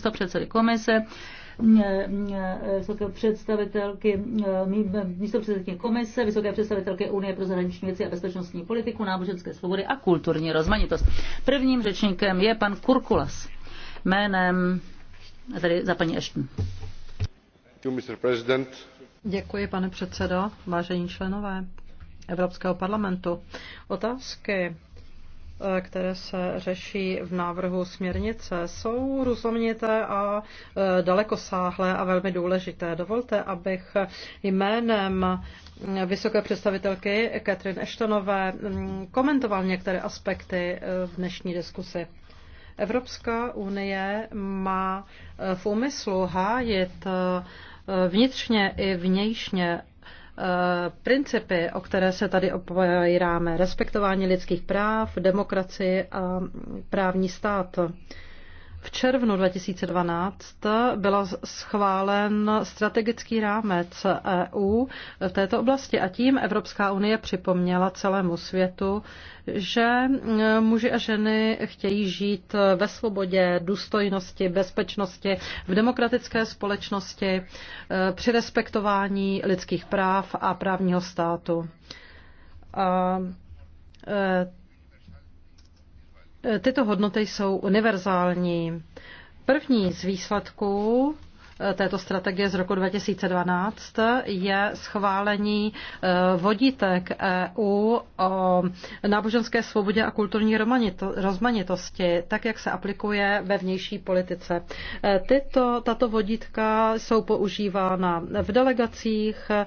místo předsedy komise, vysoké představitelky, místo předsedky komise, vysoké představitelky Unie pro zahraniční věci a bezpečnostní politiku, náboženské svobody a kulturní rozmanitost. Prvním řečníkem je pan Kurkulas jménem tady za paní Ashton. Děkuji, pane předsedo, vážení členové Evropského parlamentu. Otázky které se řeší v návrhu směrnice, jsou rozumněté a e, dalekosáhlé a velmi důležité. Dovolte, abych jménem vysoké představitelky Katrin Eštonové mm, komentoval některé aspekty e, v dnešní diskusi. Evropská unie má e, v úmyslu hájit vnitřně i vnějšně Eh, principy, o které se tady opojíráme, respektování lidských práv, demokracie a právní stát. V červnu 2012 byla schválen strategický rámec EU v této oblasti a tím Evropská unie připomněla celému světu, že muži a ženy chtějí žít ve svobodě, důstojnosti, bezpečnosti, v demokratické společnosti, eh, při respektování lidských práv a právního státu. A eh, Tyto hodnoty jsou univerzální. První z výsledků této strategie z roku 2012 je schválení eh, vodítek EU o náboženské svobodě a kulturní rozmanitosti, tak jak se aplikuje ve vnější politice. Eh, tyto, tato vodítka jsou používána v delegacích, eh,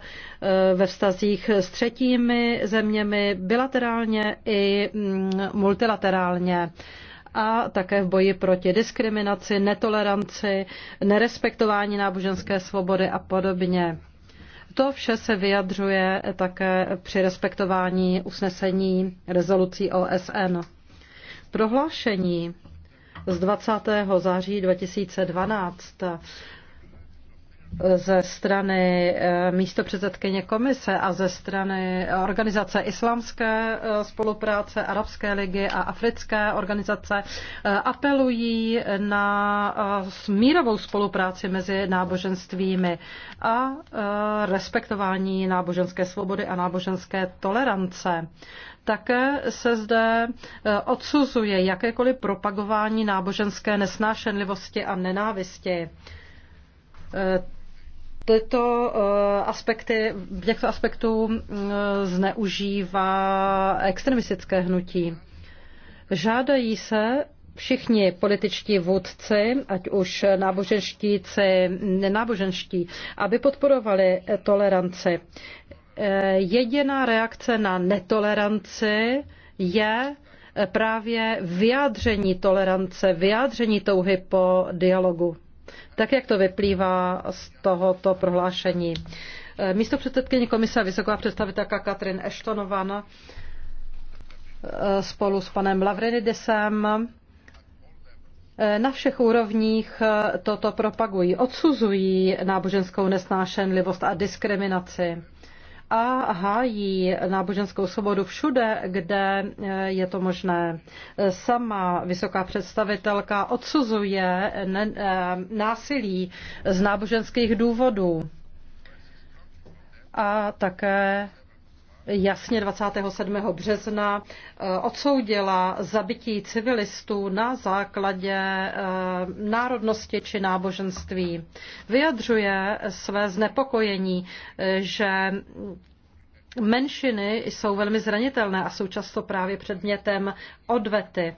ve vztazích s třetími zeměmi, bilaterálně i mm, multilaterálně a také v boji proti diskriminaci, netoleranci, nerespektování náboženské svobody a podobně. To vše se vyjadřuje také při respektování usnesení rezolucí OSN. Prohlášení z 20. září 2012 ze strany eh, místopředsedkyně komise a ze strany organizace islámské eh, spolupráce, Arabské ligy a africké organizace eh, apelují na mírovou spolupráci mezi náboženstvími a respektování náboženské svobody a náboženské tolerance. Také se zde odsuzuje jakékoliv propagování náboženské nesnášenlivosti a nenávisti Tyto eh, aspekty, těchto aspektů mm, zneužívá extremistické hnutí. Žádají se všichni političtí vůdci, ať už náboženštíci, nenáboženští, aby podporovali toleranci. Eh, jediná reakce na netoleranci je právě vyjádření tolerance, vyjádření touhy po dialogu tak jak to vyplývá z tohoto prohlášení. Eh, místo předsedkyně komise vysoká představitelka Katrin Eštonová eh, spolu s panem Lavrenidesem eh, na všech úrovních toto propagují, odsuzují náboženskou nesnášenlivost a diskriminaci a hájí náboženskou svobodu všude, kde eh, je to možné. Sama vysoká představitelka odsuzuje eh, násilí z náboženských důvodů a také jasně 27. března eh, odsoudila zabití civilistů na základě eh, národnosti či náboženství. Vyjadřuje své znepokojení, eh, že menšiny jsou velmi zranitelné a jsou často právě předmětem odvety.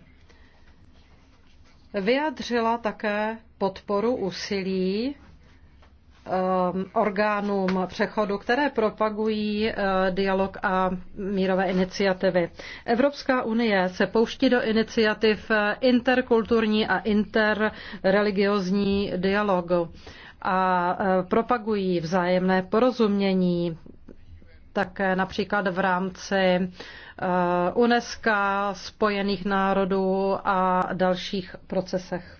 Vyjadřila také podporu úsilí Um, orgánům přechodu, které propagují uh, dialog a mírové iniciativy. Evropská unie se pouští do iniciativ uh, interkulturní a interreligiozní dialogu a uh, propagují vzájemné porozumění, také například v rámci UNESCO, Spojených národů a dalších procesech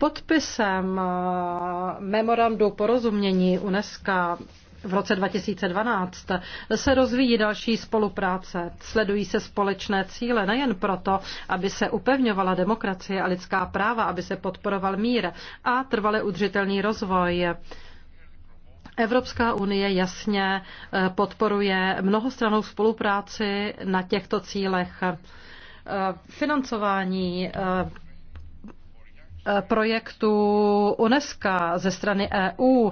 Podpisem eh, memorandu porozumění UNESCO v roce 2012 se rozvíjí další spolupráce. Sledují se společné cíle nejen proto, aby se upevňovala demokracie a lidská práva, aby se podporoval mír a trvale udržitelný rozvoj. Evropská unie jasně eh, podporuje mnohostranou spolupráci na těchto cílech. Eh, financování projektů UNESCO ze strany EU,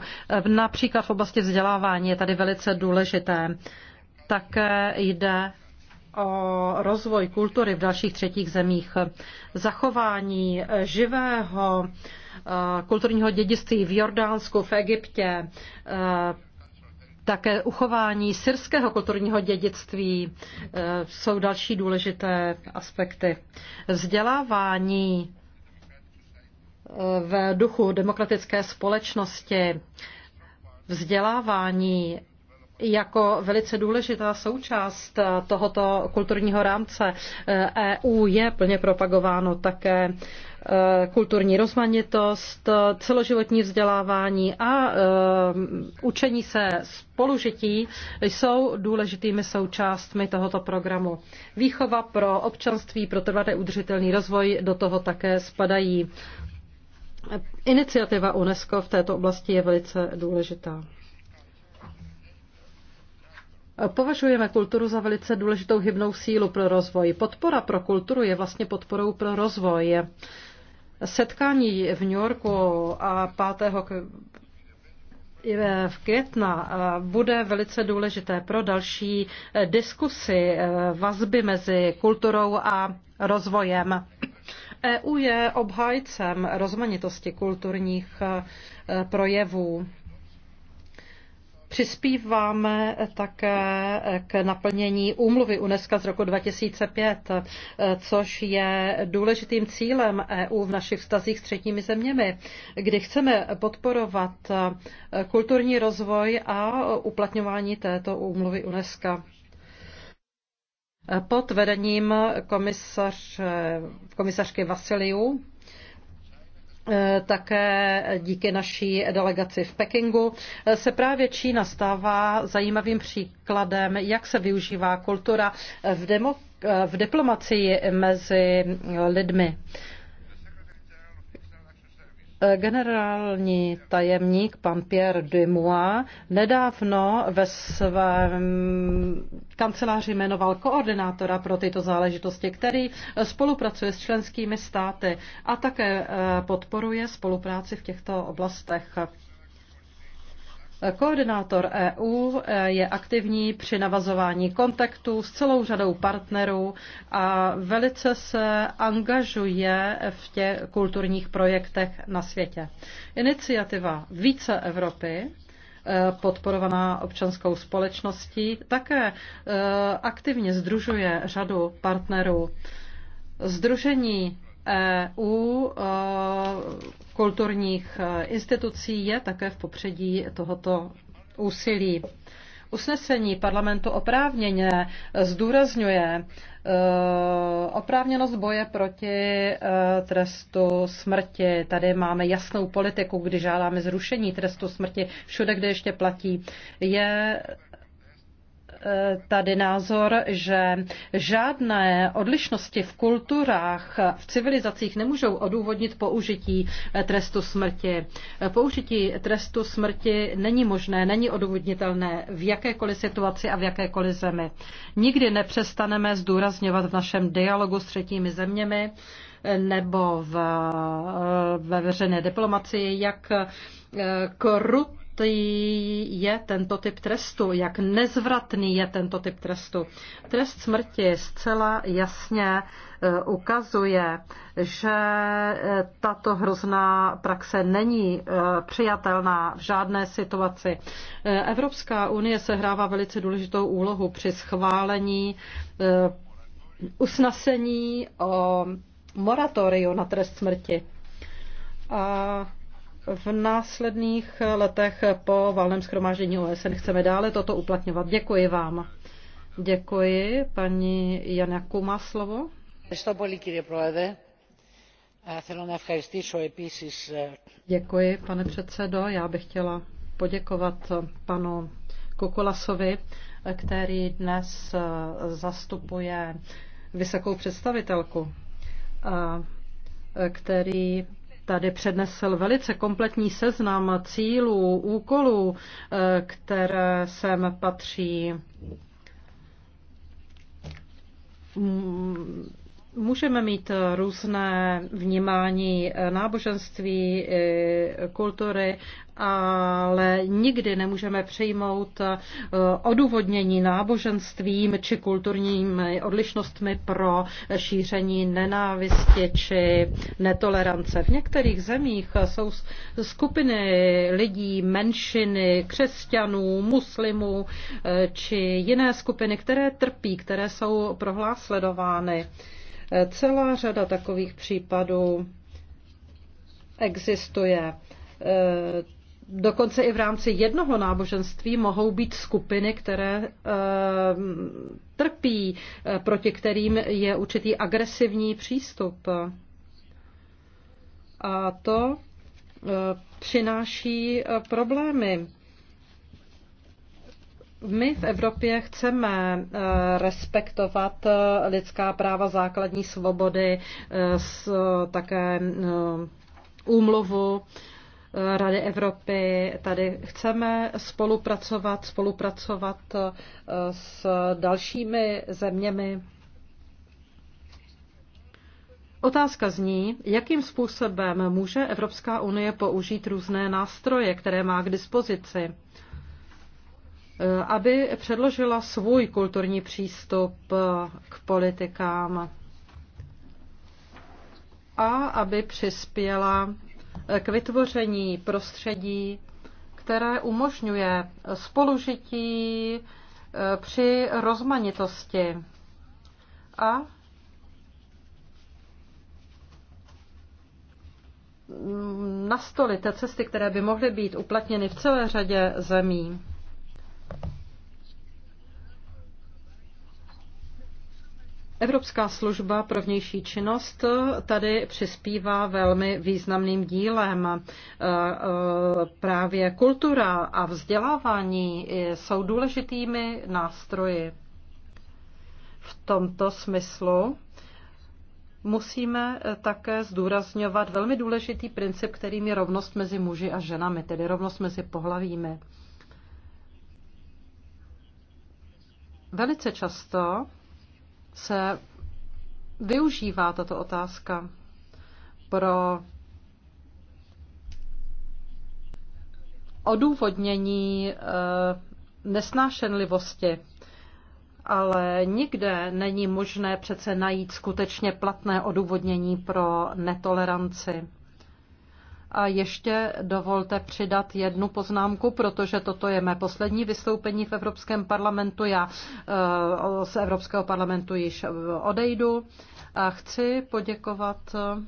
například v oblasti vzdělávání, je tady velice důležité. Také jde o rozvoj kultury v dalších třetích zemích, zachování živého eh, kulturního dědictví v Jordánsku, v Egyptě, eh, také uchování syrského kulturního dědictví eh, jsou další důležité aspekty. Vzdělávání v duchu demokratické společnosti vzdělávání jako velice důležitá součást tohoto kulturního rámce EU je plně propagováno také e, kulturní rozmanitost, celoživotní vzdělávání a e, učení se spolužití jsou důležitými součástmi tohoto programu. Výchova pro občanství, pro trvalý udržitelný rozvoj do toho také spadají. Iniciativa UNESCO v této oblasti je velice důležitá. Považujeme kulturu za velice důležitou hybnou sílu pro rozvoj. Podpora pro kulturu je vlastně podporou pro rozvoj. Setkání v New Yorku a 5. v května eh, bude velice důležité pro další eh, diskusy eh, vazby mezi kulturou a rozvojem. EU je obhájcem rozmanitosti kulturních e, projevů. Přispíváme také k naplnění úmluvy UNESCO z roku 2005, e, což je důležitým cílem EU v našich vztazích s třetími zeměmi, kdy chceme podporovat e, kulturní rozvoj a uplatňování této úmluvy UNESCO pod vedením komisař, komisařky Vasiliu, také díky naší delegaci v Pekingu se právě Čína stává zajímavým příkladem, jak se využívá kultura v, demo, v diplomacii mezi lidmi. Eh, generální tajemník pan Pierre Dumois nedávno ve svém kanceláři jmenoval koordinátora pro tyto záležitosti, který eh, spolupracuje s členskými státy a také eh, podporuje spolupráci v těchto oblastech. Koordinátor EU eh, je aktivní při navazování kontaktů s celou řadou partnerů a velice se angažuje v těch kulturních projektech na světě. Iniciativa Více Evropy eh, podporovaná občanskou společností, také eh, aktivně združuje řadu partnerů. Združení EU e, kulturních e, institucí je také v popředí tohoto úsilí. Usnesení parlamentu oprávněně zdůrazňuje e, oprávněnost boje proti trestu smrti. Tady máme jasnou politiku, kdy žádáme zrušení trestu smrti všude, kde ještě platí. Je tady názor, že žádné odlišnosti v kulturách, v civilizacích nemůžou odůvodnit použití trestu smrti. Použití trestu smrti není možné, není odůvodnitelné v jakékoliv situaci a v jakékoliv zemi. Nikdy nepřestaneme zdůrazňovat v našem dialogu s třetími zeměmi nebo v, ve veřejné diplomacii, jak eh, krut jaký je tento typ trestu, jak nezvratný je tento typ trestu. Trest smrti zcela jasně e, ukazuje, že e, tato hrozná praxe není e, přijatelná v žádné situaci. Evropská unie sehrává velice důležitou úlohu při schválení usnesení o moratoriu na trest smrti. A v následných letech po valném schromáždění OSN chceme dále toto uplatňovat. Děkuji vám. Děkuji. Paní Janaku má slovo. Děkuji, pane předsedo. Já bych chtěla poděkovat panu Kokolasovi, který dnes e, zastupuje vysokou představitelku, e, který tady přednesl velice kompletní seznam cílů, úkolů, eh, které sem patří mm, Můžeme mít různé vnímání náboženství, kultury, ale nikdy nemůžeme přijmout e, odůvodnění náboženstvím či kulturními odlišnostmi pro šíření nenávisti či netolerance. V některých zemích jsou skupiny lidí, menšiny, křesťanů, muslimů e, či jiné skupiny, které trpí, které jsou prohlásledovány. Celá řada takových případů existuje. Eh, dokonce i v rámci jednoho náboženství mohou být skupiny, které eh, trpí, eh, proti kterým je určitý agresivní přístup. A to přináší problémy my v Evropě chceme eh, respektovat eh, lidská práva, základní svobody, eh, také úmluvu Rady Evropy. Tady chceme spolupracovat, spolupracovat s dalšími zeměmi. Otázka zní, jakým způsobem může Evropská unie použít různé nástroje, které má k dispozici Eh, aby předložila svůj kulturní přístup eh, k politikám a aby přispěla eh, k vytvoření prostředí, které umožňuje spolužití při rozmanitosti a mm, nastolit cesty, které by mohly být uplatněny v celé řadě zemí. Evropská služba pro vnější činnost tady přispívá velmi významným dílem. E, e, právě kultura a vzdělávání jsou důležitými nástroji. V tomto smyslu musíme také zdůrazňovat velmi důležitý princip, kterým je rovnost mezi muži a ženami, tedy rovnost mezi pohlavími. Velice často se využívá tato otázka pro odůvodnění eh, nesnášenlivosti, ale nikde není možné přece najít skutečně platné odůvodnění pro netoleranci. A ještě dovolte přidat jednu poznámku, protože toto je mé poslední vystoupení v Evropském parlamentu. Já eh, z Evropského parlamentu již odejdu. A chci poděkovat eh,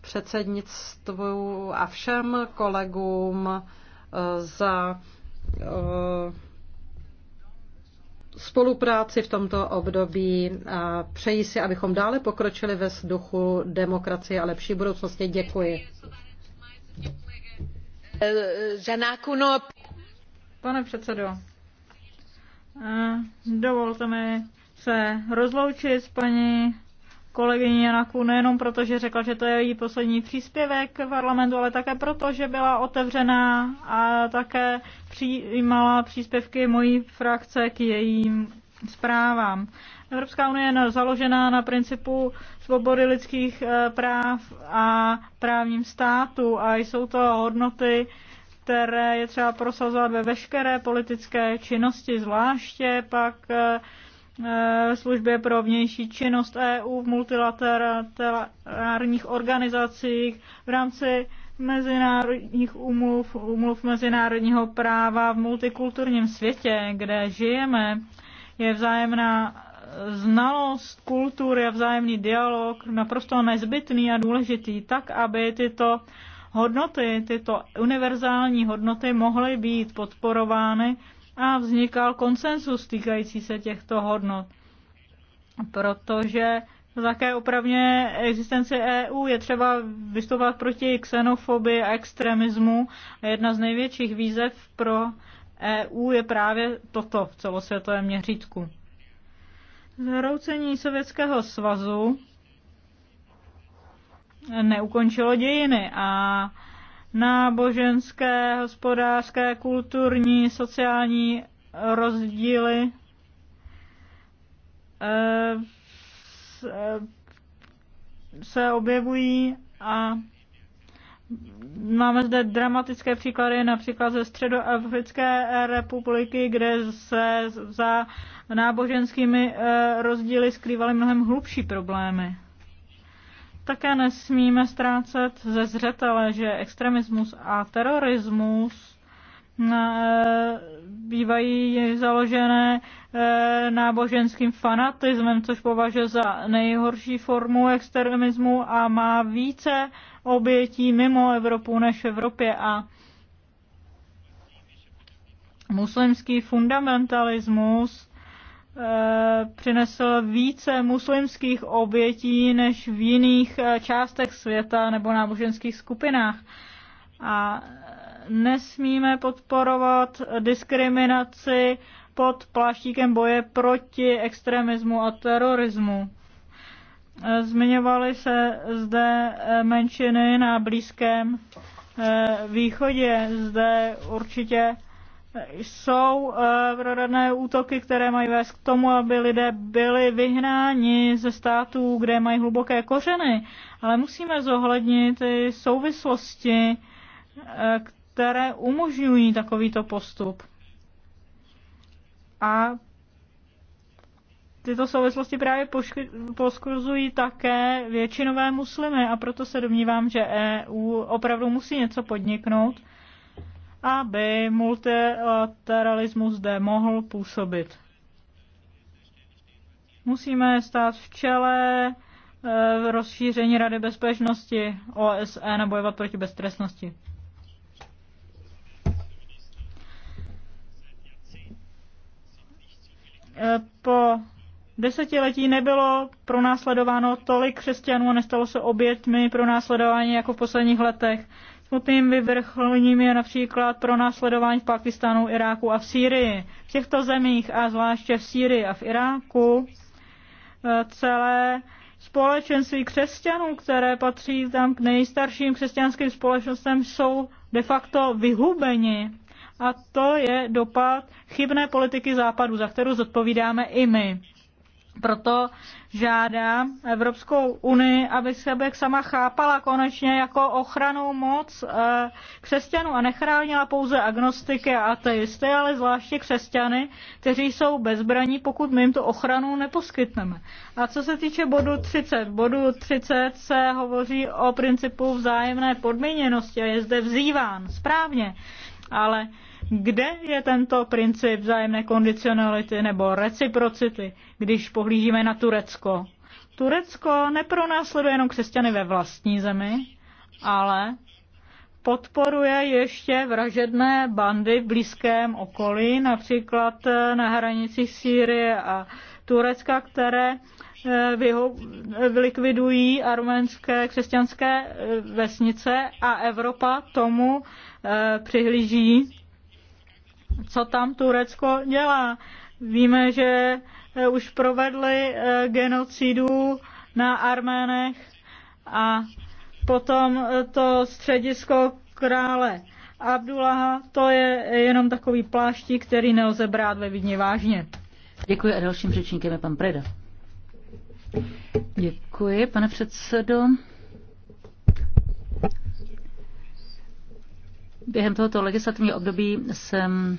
předsednictvu a všem kolegům eh, za spolupráci v tomto období a přeji si, abychom dále pokročili ve duchu demokracie a lepší budoucnosti. Děkuji. Pane předsedo, eh, dovolte mi se rozloučit s paní kolegyně Janaku nejenom proto, že řekla, že to je její poslední příspěvek v parlamentu, ale také proto, že byla otevřená a také přijímala příspěvky mojí frakce k jejím zprávám. Evropská unie je založená na principu svobody lidských eh, práv a právním státu a jsou to hodnoty, které je třeba prosazovat ve veškeré politické činnosti, zvláště pak eh, Eh, službě pro vnější činnost EU v multilaterálních organizacích v rámci mezinárodních umluv, umluv mezinárodního práva v multikulturním světě, kde žijeme, je vzájemná znalost kultury a vzájemný dialog naprosto nezbytný a důležitý, tak aby tyto hodnoty, tyto univerzální hodnoty mohly být podporovány a vznikal konsensus týkající se těchto hodnot. Protože také opravně existenci EU je třeba vystupovat proti xenofobii a extremismu. A jedna z největších výzev pro EU je právě toto v celosvětovém měřítku. Zhroucení Sovětského svazu neukončilo dějiny a náboženské, hospodářské, kulturní, sociální rozdíly. Eh, eh, se objevují a Máme zde dramatické příklady, například ze Středoafrické republiky, kde se za náboženskými eh, rozdíly skrývaly mnohem hlubší problémy. Také nesmíme ztrácet ze zřetele, že extremismus a terorismus eh, bývají založené eh, náboženským fanatismem, což považuje za nejhorší formu extremismu a má více obětí mimo Evropu než v Evropě. A muslimský fundamentalismus Eh, přinesl více muslimských obětí než v jiných eh, částech světa nebo náboženských skupinách. A nesmíme podporovat diskriminaci pod pláštíkem boje proti extremismu a terorismu. Eh, zmiňovaly se zde menšiny na Blízkém východě. Zde určitě jsou prorodné eh, útoky, které mají vést k tomu, aby lidé byli vyhnáni ze států, kde mají hluboké kořeny. Ale musíme zohlednit i souvislosti, eh, které umožňují takovýto postup. A tyto souvislosti právě poskruzují také většinové muslimy a proto se domnívám, že EU opravdu musí něco podniknout aby multilateralismus zde mohl působit. Musíme stát v čele v eh, rozšíření Rady bezpečnosti OSN e, a bojovat proti beztrestnosti. Eh, po desetiletí nebylo pronásledováno tolik křesťanů a nestalo se obětmi pronásledování jako v posledních letech. Smutným vyvrcholením je například pro následování v Pakistánu, Iráku a v Sýrii. V těchto zemích a zvláště v Sýrii a v Iráku eh, celé společenství křesťanů, které patří tam k nejstarším křesťanským společnostem, jsou de facto vyhubeni. A to je dopad chybné politiky západu, za kterou zodpovídáme i my. Proto žádám Evropskou unii, aby sebe sama chápala konečně jako ochranou moc eh, křesťanů a nechránila pouze agnostiky a ateisty, ale zvláště křesťany, kteří jsou bezbraní, pokud my jim tu ochranu neposkytneme. A co se týče bodu 30, bodu 30 se hovoří o principu vzájemné podmíněnosti a je zde vzýván správně, ale kde je tento princip vzájemné kondicionality nebo reciprocity, když pohlížíme na Turecko? Turecko nepronásleduje jenom křesťany ve vlastní zemi, ale podporuje ještě vražedné bandy v blízkém okolí, například na hranicích Sýrie a Turecka, které eh, likvidují arménské křesťanské eh, vesnice a Evropa tomu eh, přihlíží co tam Turecko dělá. Víme, že eh, už provedli eh, genocidu na Arménech a potom eh, to středisko krále Abdullaha, to je jenom takový pláštík, který nelze brát ve vidně vážně. Děkuji a dalším řečníkem je pan Preda. Děkuji, pane předsedo. během tohoto legislativního období jsem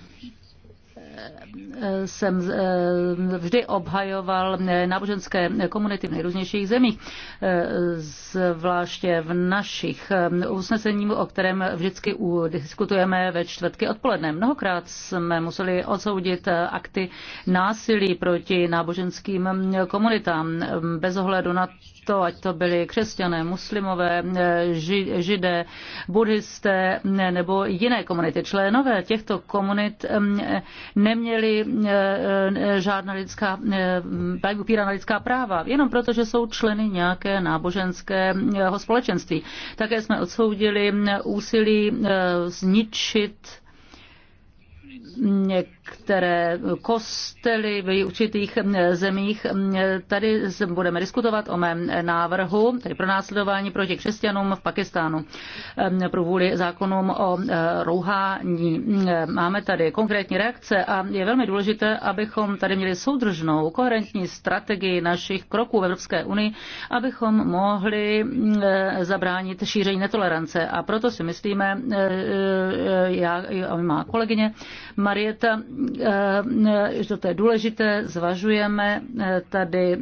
jsem eh, vždy obhajoval náboženské komunity v nejrůznějších zemích, eh, zvláště v našich eh, usneseních, o kterém vždycky diskutujeme ve čtvrtky odpoledne. Mnohokrát jsme museli odsoudit akty násilí proti náboženským mm, komunitám mm, bez ohledu na to, ať to byli křesťané, muslimové, eh, židé, buddhisté nebo jiné komunity. Členové těchto komunit mm, eh, neměli eh, žádná lidská, mm, upíraná lidská práva, jenom proto, že jsou členy nějaké náboženského společenství. Také jsme odsoudili mm, úsilí zničit některé kostely v určitých zemích. Tady budeme diskutovat o mém návrhu, tedy následování proti křesťanům v Pakistánu pro vůli zákonům o rouhání. Máme tady konkrétní reakce a je velmi důležité, abychom tady měli soudržnou, koherentní strategii našich kroků v Evropské unii, abychom mohli eh, zabránit šíření netolerance. A proto si myslíme, eh, eh, já a má kolegyně, Marieta, eh, že to je důležité, zvažujeme eh, tady eh,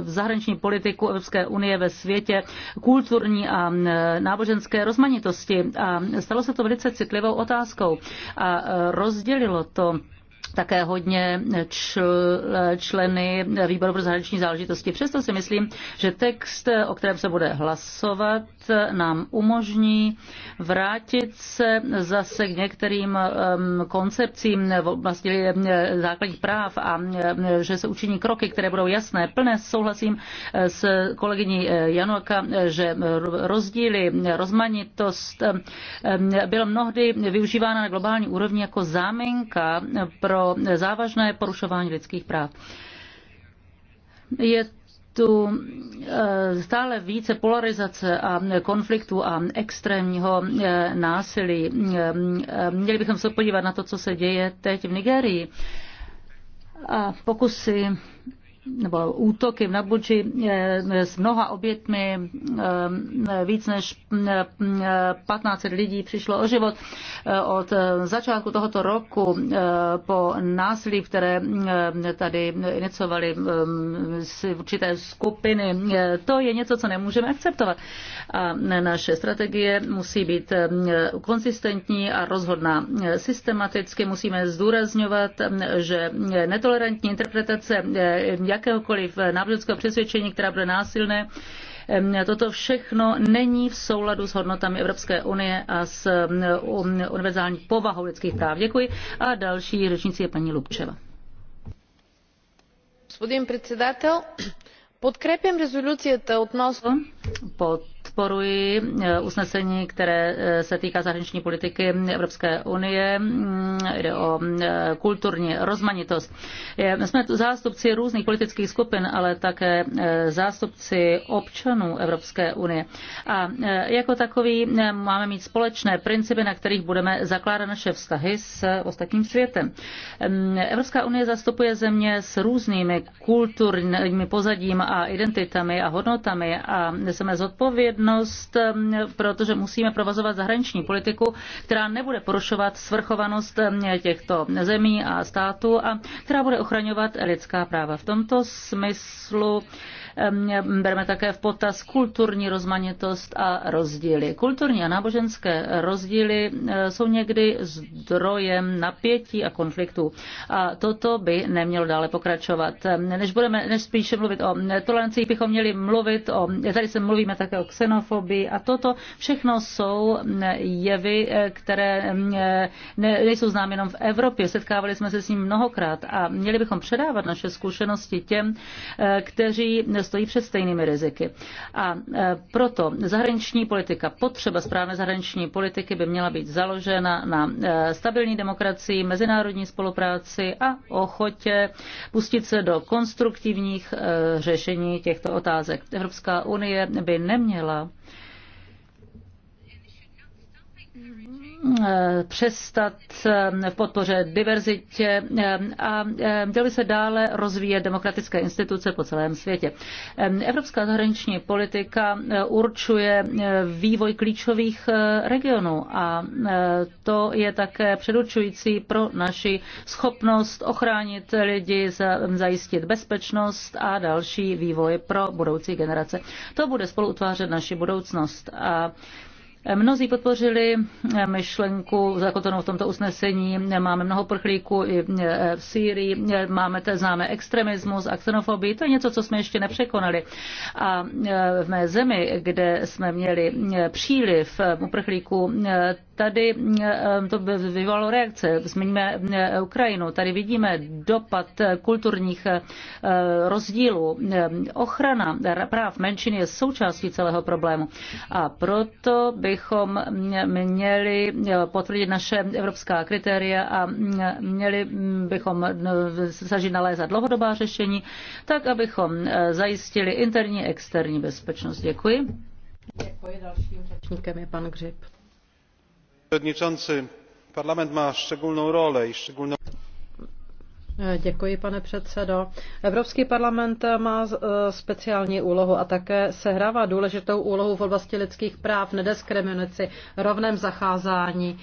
v zahraniční politiku Evropské unie ve světě kulturní a náboženské rozmanitosti. A stalo se to velice citlivou otázkou a rozdělilo to také hodně členy výboru pro zahraniční záležitosti. Přesto si myslím, že text, o kterém se bude hlasovat, nám umožní vrátit se zase k některým koncepcím v oblasti základních práv a že se učiní kroky, které budou jasné. Plné souhlasím eh, s kolegyní eh, Januaka, eh, že rozdíly, rozmanitost byla mnohdy využívána na globální úrovni jako záminka pro závažné porušování lidských práv. Je tu eh, stále více polarizace a konfliktu a extrémního eh, násilí. Eh, měli bychom se podívat na to, co se děje teď v Nigérii a pokusy nebo útoky na Budži eh, s mnoha obětmi, eh, víc než 15 eh, lidí přišlo o život. Od začátku tohoto roku po násilí, které tady iniciovaly určité skupiny, to je něco, co nemůžeme akceptovat. A naše strategie musí být konsistentní a rozhodná. Systematicky musíme zdůrazňovat, že netolerantní interpretace jakéhokoliv náboženského přesvědčení, která bude násilné, Toto všechno není v souladu s hodnotami Evropské unie a s univerzální povahou lidských práv. Děkuji. A další řečnici je paní Lubčeva. Господин председател, подкрепям резолюцията относно... Под podporuji eh, usnesení, které eh, se týká zahraniční politiky Evropské unie. Mm, jde o eh, kulturní rozmanitost. Jsme tu zástupci různých politických skupin, ale také zástupci občanů Evropské unie. A jako takový máme mít společné principy, na kterých budeme zakládat naše vztahy s ostatním světem. Evropská unie zastupuje země s různými kulturními pozadím a identitami a hodnotami a jsme zodpovědní odpovědnost, protože musíme provazovat zahraniční politiku, která nebude porušovat svrchovanost těchto zemí a států a která bude ochraňovat lidská práva. V tomto smyslu Ehm, bereme také v potaz kulturní rozmanitost a rozdíly. Kulturní a náboženské rozdíly eh, jsou někdy zdrojem napětí a konfliktů. A toto by nemělo dále pokračovat. Ehm, než budeme, než spíše mluvit o tolerancích, bychom měli mluvit o, tady se mluvíme také o xenofobii a toto všechno jsou eh, jevy, eh, které ehm, ne, nejsou známy jenom v Evropě. Setkávali jsme se s ním mnohokrát a měli bychom předávat naše zkušenosti těm, kteří stojí před stejnými riziky. A e, proto zahraniční politika, potřeba správné zahraniční politiky by měla být založena na e, stabilní demokracii, mezinárodní spolupráci a ochotě pustit se do konstruktivních e, řešení těchto otázek. Evropská unie by neměla Eh, přestat v eh, podpoře diverzitě eh, a měly se dále rozvíjet demokratické instituce po celém světě. Evropská zahraniční politika určuje vývoj klíčových regionů a to je také předurčující pro naši schopnost ochránit lidi, zajistit bezpečnost a další vývoj pro budoucí generace. To bude spolu utvářet naši budoucnost. A Mnozí podpořili eh, myšlenku zakotvenou v tomto usnesení. Máme mnoho prchlíků i eh, v Sýrii, máme te, známe extremismus a xenofobii. To je něco, co jsme ještě nepřekonali. A eh, v mé zemi, kde jsme měli příliv uprchlíků, tady eh, to vyvolalo reakce. Zmiňme eh, Ukrajinu. Tady vidíme dopad kulturních eh, rozdílů. Ochrana práv menšin je součástí celého problému. A proto bychom měli potvrdit naše evropská kritéria a mm, měli mm, bychom snažit nalézat dlouhodobá řešení, tak abychom zajistili interní externí bezpečnost. Děkuji. Děkuji. Dalším řečníkem je pan Gřib. Děkuji, pane předsedo. Evropský parlament má e, speciální úlohu a také sehrává důležitou úlohu v oblasti lidských práv, nediskriminaci, rovném zacházení e,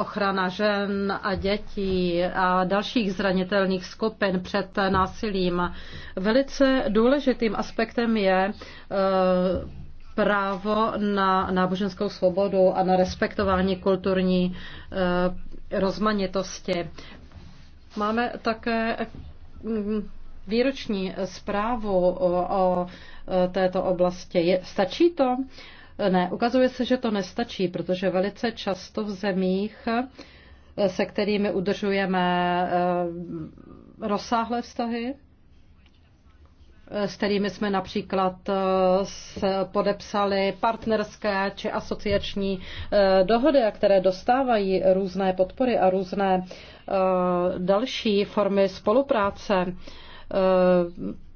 ochrana žen a dětí a dalších zranitelných skupin před násilím. Velice důležitým aspektem je e, právo na náboženskou svobodu a na respektování kulturní eh, rozmanitosti. Máme také mm, výroční zprávu o eh, této oblasti. Je, stačí to? Ne, ukazuje se, že to nestačí, protože velice často v zemích, eh, se kterými udržujeme rozsáhlé vztahy, Eh, s kterými jsme například eh, podepsali partnerské či asociační eh, dohody, které dostávají různé podpory a různé další formy spolupráce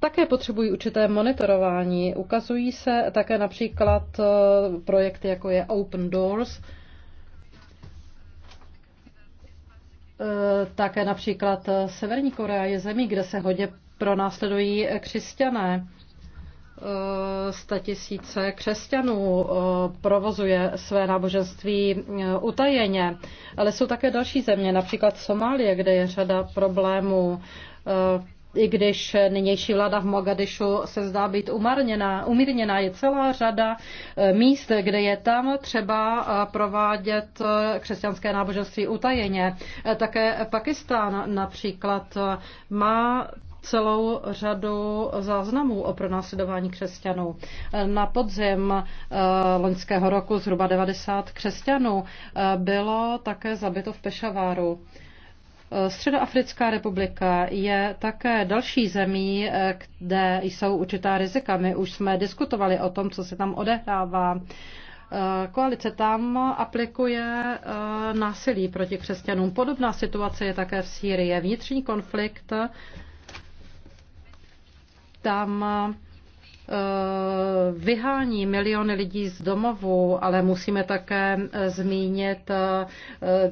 také potřebují určité monitorování. Ukazují se také například projekty, jako je Open Doors, také například Severní Korea je zemí, kde se hodně pronásledují křesťané. Eh, Statisíce křesťanů eh, provozuje své náboženství eh, utajeně, ale jsou také další země, například Somálie, kde je řada problémů i když nynější vláda v Mogadišu se zdá být umarněná, umírněná, je celá řada míst, kde je tam třeba provádět křesťanské náboženství utajeně. Také Pakistán například má celou řadu záznamů o pronásledování křesťanů. Na podzim eh, loňského roku zhruba 90 křesťanů eh, bylo také zabito v Pešaváru. Eh, Středoafrická republika je také další zemí, kde jsou určitá rizika. My už jsme diskutovali o tom, co se tam odehrává. Koalice tam aplikuje násilí proti křesťanům. Podobná situace je také v Sýrii. Vnitřní konflikt tam eh, vyhání miliony lidí z domovů, ale musíme také eh, zmínit eh,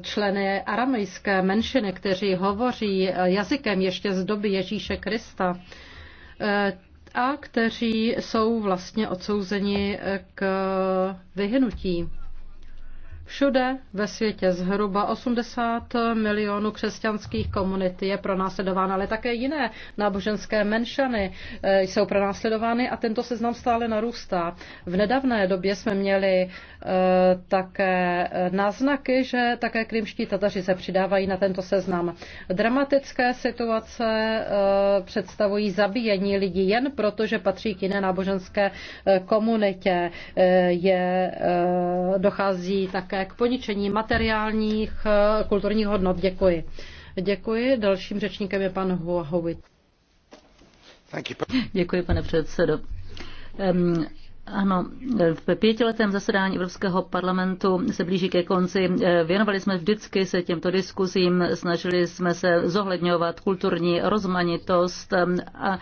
členy aramejské menšiny, kteří hovoří jazykem ještě z doby Ježíše Krista a kteří jsou vlastně odsouzeni k vyhnutí. Všude ve světě zhruba 80 milionů křesťanských komunit je pronásledováno, ale také jiné náboženské menšiny eh, jsou pronásledovány a tento seznam stále narůstá. V nedávné době jsme měli eh, také náznaky, že také krymští tataři se přidávají na tento seznam. Dramatické situace eh, představují zabíjení lidí jen proto, že patří k jiné náboženské komunitě. Je, dochází také k poničení materiálních eh, kulturních hodnot. Děkuji. Děkuji. Dalším řečníkem je pan Howitt. Děkuji, pane předsedo. Um, ano, v pětiletém zasedání Evropského parlamentu se blíží ke konci. Eh, věnovali jsme vždycky se těmto diskuzím, snažili jsme se zohledňovat kulturní rozmanitost a,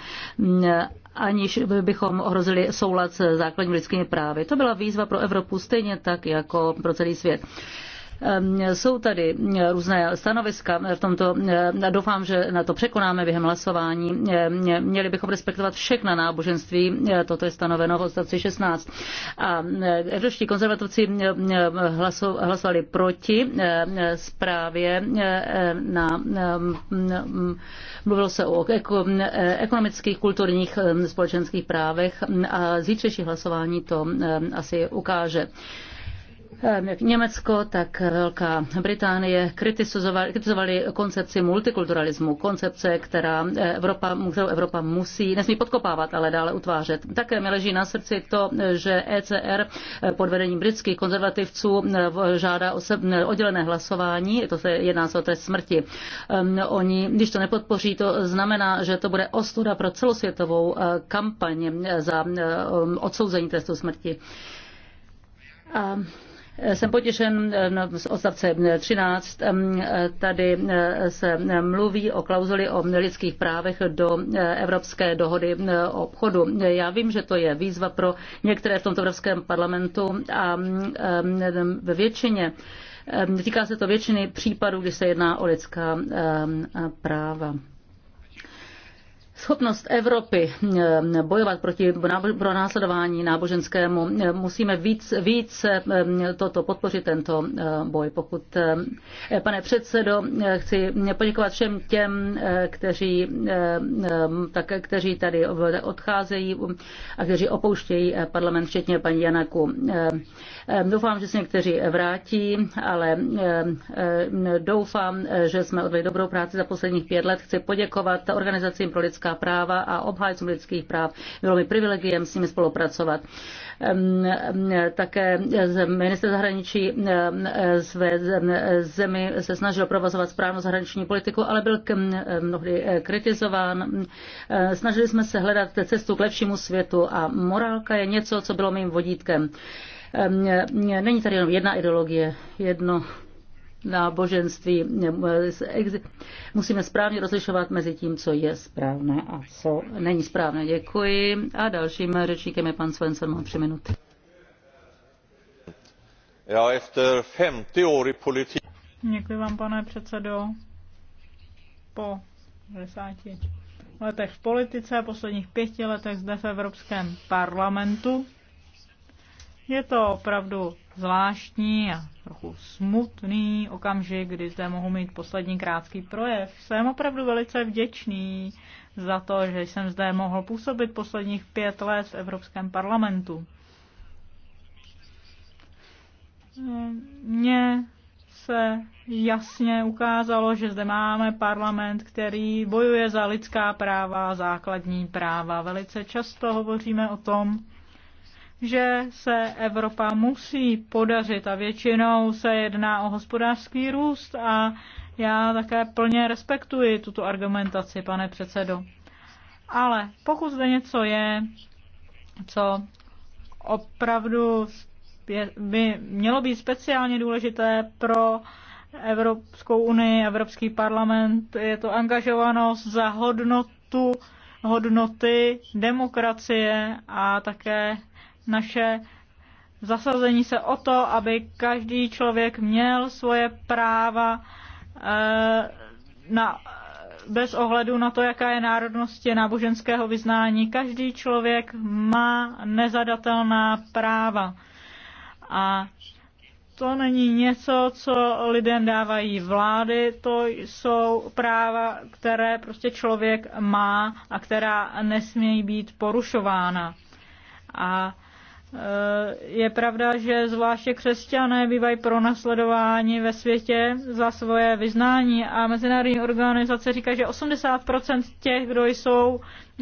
aniž bychom ohrozili soulad s základními lidskými právy. To byla výzva pro Evropu stejně tak jako pro celý svět. Ehm, jsou tady ehm, různé stanoviska v tomto. Ehm, doufám, že na to překonáme během hlasování. Měli bychom respektovat všechna náboženství. Toto je stanoveno v odstavci 16. A evropští konzervativci hlasovali proti zprávě na mluvilo se o ekonomických, kulturních, společenských právech a zítřejší hlasování to asi ukáže jak Německo, tak Velká Británie kritizovali, kritizovali koncepci multikulturalismu, koncepce, která eh, Evropa, kterou Evropa musí, nesmí podkopávat, ale dále utvářet. Také mi leží na srdci to, že ECR eh, pod vedením britských konzervativců eh, žádá o oddělené hlasování, to se jedná se o trest smrti. Oni, když to nepodpoří, to znamená, že to bude ostuda pro celosvětovou kampaň za odsouzení trestu smrti. Jsem potěšen eh, no, z odstavce 13. Eh, tady eh, se mluví o klauzuli o lidských právech do Evropské dohody o obchodu. Já vím, že to je výzva pro některé v tomto Evropském parlamentu a ve většině Týká se to většiny případů, kdy se jedná o lidská práva. Schopnost Evropy eh, bojovat proti pro následování náboženskému eh, musíme víc, víc eh, toto podpořit, tento boj. Pokud, pane předsedo, chci poděkovat všem těm, kteří, tak, kteří tady odcházejí a kteří opouštějí parlament, včetně paní Janaku. Doufám, že se někteří vrátí, ale doufám, že jsme odvedli dobrou práci za posledních pět let. Chci poděkovat organizacím pro lidská lidská práva a obhájcům lidských práv. Bylo mi privilegiem s nimi spolupracovat. Také minister zahraničí své zemi se snažil provozovat správnou zahraniční politiku, ale byl mnohdy eh, kritizován. Eh, snažili jsme se hledat cestu k lepšímu světu a morálka je něco, co bylo mým vodítkem. Není tady jenom jedna ideologie, jedno náboženství. Musíme správně rozlišovat mezi tím, co je správné a co není správné. Děkuji. A dalším řečníkem je pan Svensson, má tři minuty. Já efter 50 år i Děkuji vám, pane předsedo. Po 50 letech v politice, posledních pěti letech zde v Evropském parlamentu. Je to opravdu zvláštní a trochu smutný okamžik, kdy zde mohu mít poslední krátký projev. Jsem opravdu velice vděčný za to, že jsem zde mohl působit posledních pět let v Evropském parlamentu. Mně se jasně ukázalo, že zde máme parlament, který bojuje za lidská práva, základní práva. Velice často hovoříme o tom, že se Evropa musí podařit a většinou se jedná o hospodářský růst a já také plně respektuji tuto argumentaci, pane předsedo. Ale pokud zde něco je, co opravdu by mělo být speciálně důležité pro Evropskou unii, Evropský parlament, je to angažovanost za hodnotu, hodnoty demokracie a také naše zasazení se o to, aby každý člověk měl svoje práva eh, na, bez ohledu na to, jaká je národnosti náboženského vyznání. Každý člověk má nezadatelná práva. A to není něco, co lidem dávají vlády, to jsou práva, které prostě člověk má a která nesmějí být porušována. A Eh, je pravda, že zvláště křesťané bývají pronásledováni ve světě za svoje vyznání a mezinárodní organizace říká, že 80% těch, kdo jsou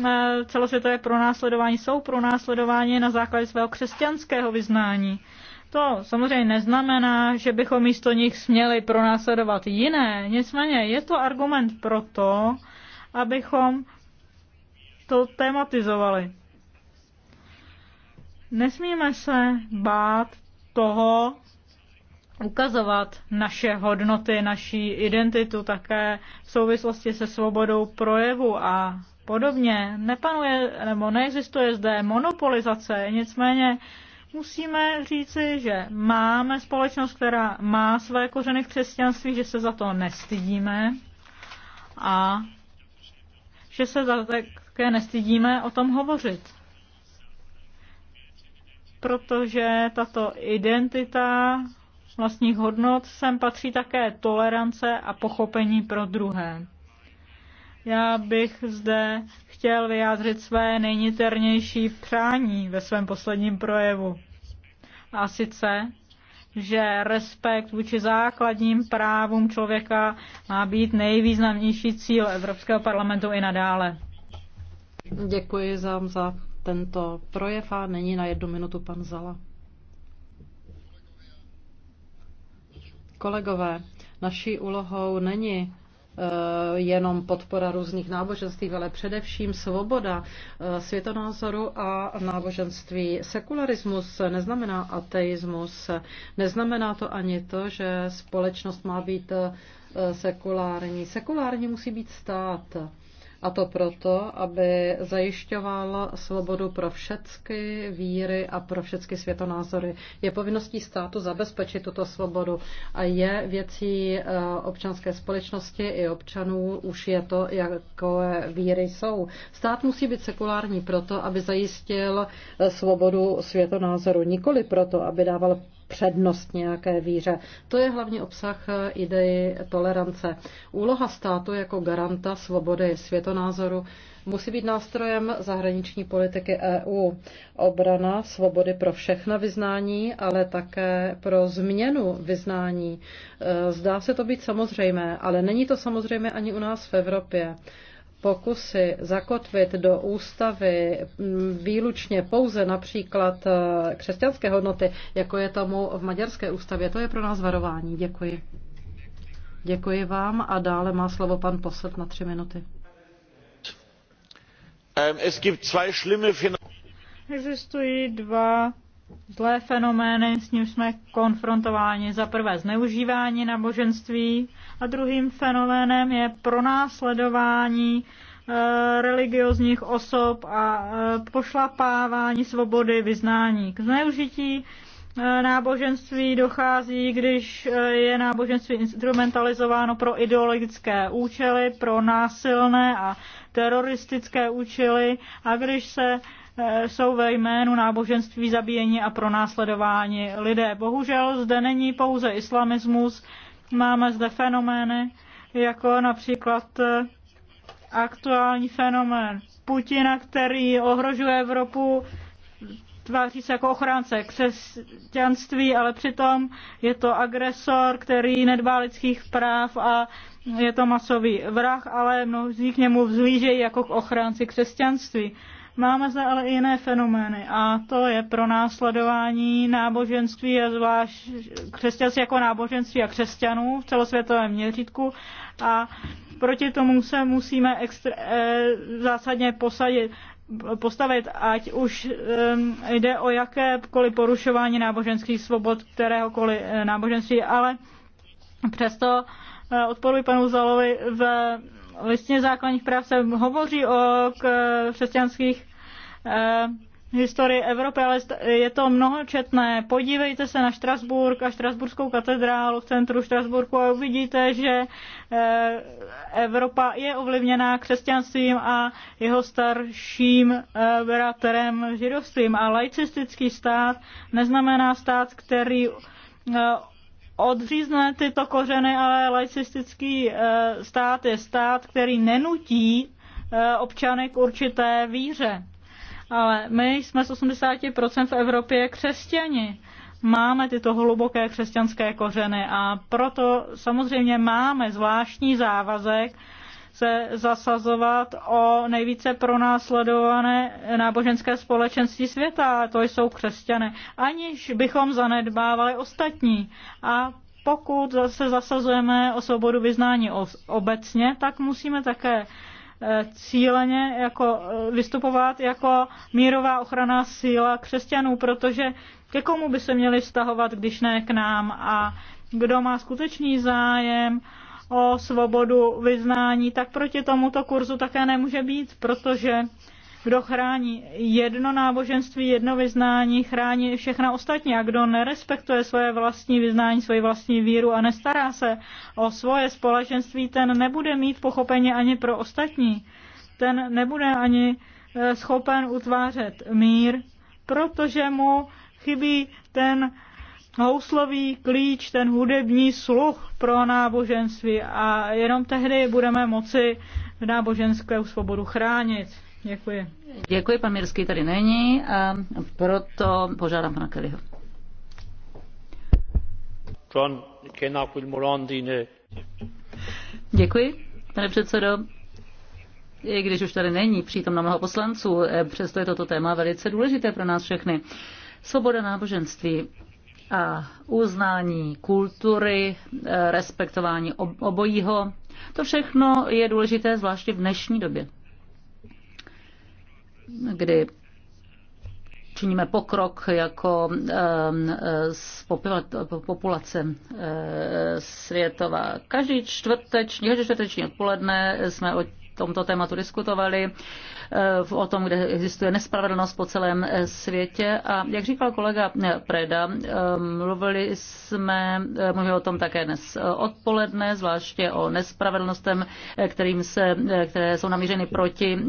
eh, celosvětové pronásledování, jsou pronásledováni na základě svého křesťanského vyznání. To samozřejmě neznamená, že bychom místo nich směli pronásledovat jiné, nicméně je to argument pro to, abychom to tematizovali. Nesmíme se bát toho ukazovat naše hodnoty, naší identitu také v souvislosti se svobodou projevu a podobně. Nepanuje nebo neexistuje zde monopolizace, nicméně musíme říci, že máme společnost, která má své kořeny v křesťanství, že se za to nestydíme a že se za také nestydíme o tom hovořit protože tato identita vlastních hodnot sem patří také tolerance a pochopení pro druhé. Já bych zde chtěl vyjádřit své nejniternější přání ve svém posledním projevu. A sice, že respekt vůči základním právům člověka má být nejvýznamnější cíl Evropského parlamentu i nadále. Děkuji vám za tento projev a není na jednu minutu pan Zala. Kolegové, naší úlohou není eh, jenom podpora různých náboženství, ale především svoboda eh, světonázoru a náboženství. Sekularismus neznamená ateismus, neznamená to ani to, že společnost má být eh, sekulární. Sekulární musí být stát. A to proto, aby zajišťoval svobodu pro všechny víry a pro všechny světonázory. Je povinností státu zabezpečit tuto svobodu a je věcí eh, občanské společnosti i občanů, už je to, jaké víry jsou. Stát musí být sekulární proto, aby zajistil eh, svobodu světonázoru, nikoli proto, aby dával přednost nějaké víře. To je hlavní obsah eh, idei tolerance. Úloha státu jako garanta svobody světonázoru musí být nástrojem zahraniční politiky EU. Obrana svobody pro všechna vyznání, ale také pro změnu vyznání. Eh, zdá se to být samozřejmé, ale není to samozřejmé ani u nás v Evropě pokusy zakotvit do ústavy mm, výlučně pouze například eh, křesťanské hodnoty, jako je tomu v maďarské ústavě, to je pro nás varování. Děkuji. Děkuji vám a dále má slovo pan Posed na tři minuty. Ähm, Existují dva zlé fenomény, s nimi jsme konfrontováni. Za prvé zneužívání náboženství a druhým fenoménem je pronásledování eh, religiozních osob a eh, pošlapávání svobody vyznání. K zneužití eh, náboženství dochází, když je náboženství instrumentalizováno pro ideologické účely, pro násilné a teroristické účely a když se jsou ve jménu náboženství zabíjení a pronásledování lidé. Bohužel zde není pouze islamismus, Máme zde fenomény, jako například eh, aktuální fenomén Putina, který ohrožuje Evropu, tváří se jako ochránce křesťanství, ale přitom je to agresor, který nedbá lidských práv a je to masový vrah, ale mnozí k němu vzlížejí jako k ochránci křesťanství. Máme zde ale i jiné fenomény a to je pro následování náboženství a zvlášť křesťanství jako náboženství a křesťanů v celosvětovém měřítku a proti tomu se musíme extra, eh, zásadně posadit, postavit, ať už eh, jde o jakékoliv porušování náboženských svobod kteréhokoliv eh, náboženství, ale přesto eh, odporuji panu Zalovi v listině základních práv se hovoří o křesťanských Eh, historii Evropy, ale je to mnohočetné. Podívejte se na Štrasburg a Štrasburskou katedrálu v centru Štrasburku a uvidíte, že eh, Evropa je ovlivněná křesťanstvím a jeho starším eh, bratrem židovstvím. A laicistický stát neznamená stát, který odřízne tyto kořeny, ale laicistický stát je stát, který nenutí občany k určité víře ale my jsme z 80% v Evropě křesťani. Máme tyto hluboké křesťanské kořeny a proto samozřejmě máme zvláštní závazek se zasazovat o nejvíce pronásledované náboženské společenství světa, a to jsou křesťané, aniž bychom zanedbávali ostatní. A pokud se zasazujeme o svobodu vyznání obecně, tak musíme také Eh, cíleně jako, eh, vystupovat jako mírová ochrana síla křesťanů, protože ke komu by se měli vztahovat, když ne k nám a kdo má skutečný zájem o svobodu vyznání, tak proti tomuto kurzu také nemůže být, protože kdo chrání jedno náboženství, jedno vyznání, chrání všechna ostatní. A kdo nerespektuje svoje vlastní vyznání, svoji vlastní víru a nestará se o svoje společenství, ten nebude mít pochopení ani pro ostatní. Ten nebude ani e, schopen utvářet mír, protože mu chybí ten houslový klíč, ten hudební sluch pro náboženství a jenom tehdy budeme moci náboženskou svobodu chránit. Děkuji. Děkuji, pan Mirský tady není, a proto požádám pana Kellyho. Uh, Děkuji, pane předsedo. I když už tady není přítomno mnoho poslanců, eh, přesto je toto téma velice důležité pro nás všechny. Svoboda náboženství a uznání kultury, eh, respektování obojího, to všechno je důležité zvláště v dnešní době kdy činíme pokrok jako z populace eh, světová. Každý čtvrteční, každý čtvrteční odpoledne jsme tomto tématu diskutovali, eh, o tom, kde existuje nespravedlnost po celém eh, světě. A jak říkal kolega eh, Preda, mluvili jsme, mluvili o tom také dnes odpoledne, zvláště o nespravedlnostem, kterým se, které jsou namířeny proti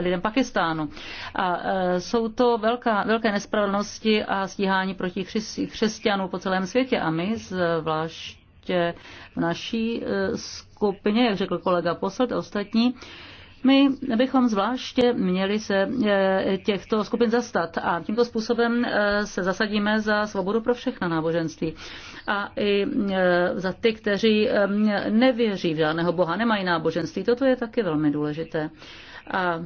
lidem Pakistánu. A jsou to velká, velké nespravedlnosti a stíhání proti křesťanů po celém světě. A my zvlášť v naší skupině, jak řekl kolega posled a ostatní, my bychom zvláště měli se e, těchto skupin zastat a tímto způsobem e, se zasadíme za svobodu pro všechna náboženství a i e, za ty, kteří nevěří v žádného boha, nemají náboženství. Toto je taky velmi důležité. A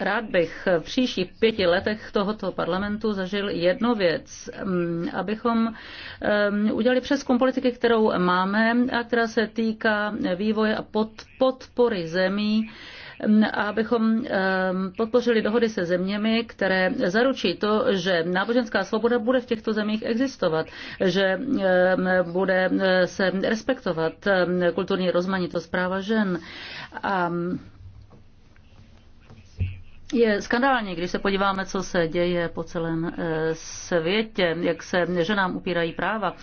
Rád bych v příštích pěti letech tohoto parlamentu zažil jednu věc, mm, abychom mm, udělali přeskum politiky, kterou máme a která se týká vývoje a podpory zemí, mm, a abychom podpořili dohody se zeměmi, které zaručí to, že náboženská svoboda bude v těchto zemích existovat, že bude se respektovat kulturní rozmanitost práva žen. A je skandální, když se podíváme, co se děje po celém eh, světě, jak se ženám upírají práva.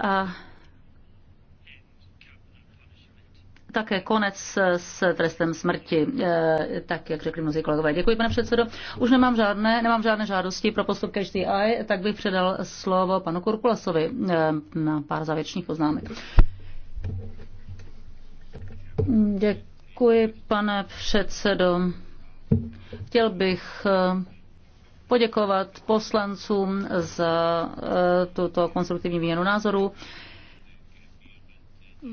A také konec s trestem smrti, eh, tak jak řekli mnozí kolegové. Děkuji, pane předsedo. Už nemám žádné, nemám žádné žádosti pro postup každý AI, tak bych předal slovo panu Kurkulasovi eh, na pár závěrečných poznámek. Děkuji, pane předsedo. Chtěl bych eh, poděkovat poslancům za eh, tuto konstruktivní výměnu názorů.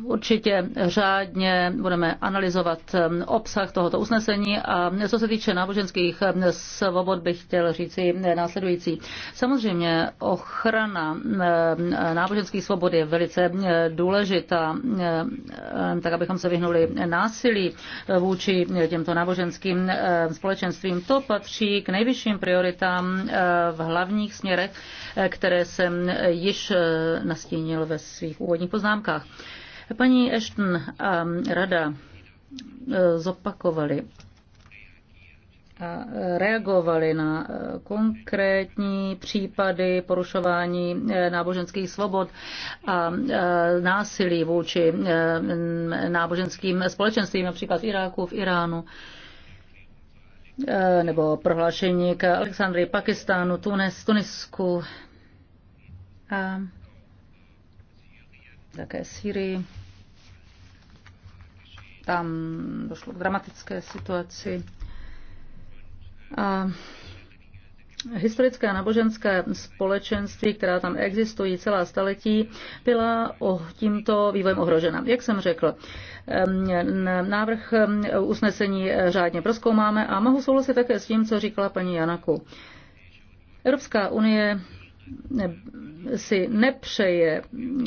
Určitě řádně budeme analyzovat um, obsah tohoto usnesení a co se týče náboženských um, svobod bych chtěl říci následující. Samozřejmě ochrana um, náboženských svobod je velice důležitá, tak abychom se vyhnuli násilí vůči těmto náboženským společenstvím. To patří k nejvyšším prioritám uh, v hlavních směrech, uh, které jsem již uh, nastínil ve svých úvodních poznámkách. Paní Ashton a rada eh, zopakovali a eh, reagovali na eh, konkrétní případy porušování náboženských svobod a násilí vůči náboženským společenstvím, například v Iráku, v Iránu nebo prohlášení k Alexandrii, Pakistánu, Tunis, Tunisku. A také Syrii. Tam došlo k dramatické situaci. A historické a náboženské společenství, která tam existují celá staletí, byla o tímto vývojem ohrožena. Jak jsem řekl, návrh usnesení řádně proskoumáme a mohu souhlasit také s tím, co říkala paní Janaku. Evropská unie si nepřeje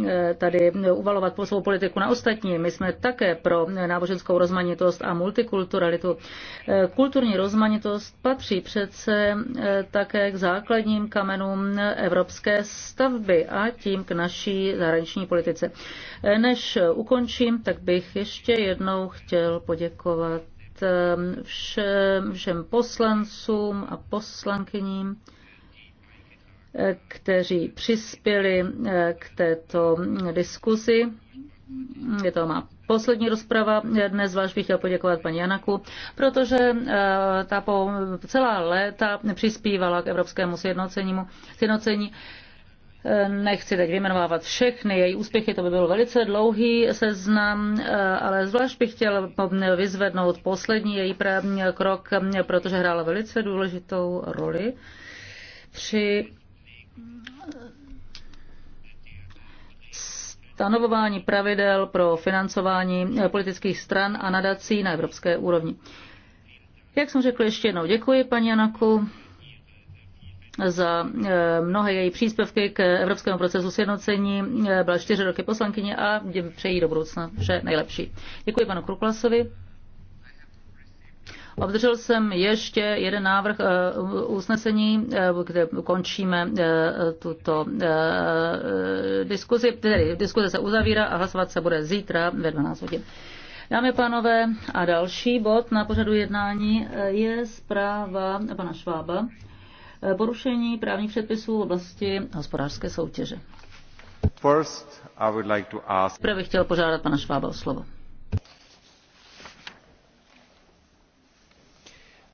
eh, tady uvalovat po svou politiku na ostatní. My jsme také pro náboženskou rozmanitost a multikulturalitu. Eh, kulturní rozmanitost patří přece eh, také k základním kamenům evropské stavby a tím k naší zahraniční politice. Než ukončím, tak bych ještě jednou chtěl poděkovat všem, všem poslancům a poslankyním kteří přispěli eh, k této diskuzi. Je to má poslední rozprava. Dnes váš bych chtěl poděkovat paní Janaku, protože eh, ta po celá léta přispívala k evropskému sjednocení. Eh, nechci teď vyjmenovávat všechny její úspěchy, to by byl velice dlouhý seznam, ale zvlášť bych chtěl vyzvednout poslední její krok, protože hrála velice důležitou roli při stanovování pravidel pro financování eh, politických stran a nadací na evropské úrovni. Jak jsem řekl ještě jednou, děkuji paní Janaku za eh, mnohé její příspěvky k evropskému procesu sjednocení. Eh, byla čtyři roky poslankyně a přeji do budoucna vše nejlepší. Děkuji panu Kruklasovi. Obdržel jsem ještě jeden návrh eh, usnesení, eh, kde končíme eh, tuto diskuzi. Tedy diskuze se uzavírá a hlasovat se bude zítra ve 12 hodin. Dámy a pánové, a další bod na pořadu jednání je zpráva pana Švába. Porušení právních předpisů v oblasti hospodářské soutěže. Nejprve like ask... bych chtěl požádat pana Švába o slovo.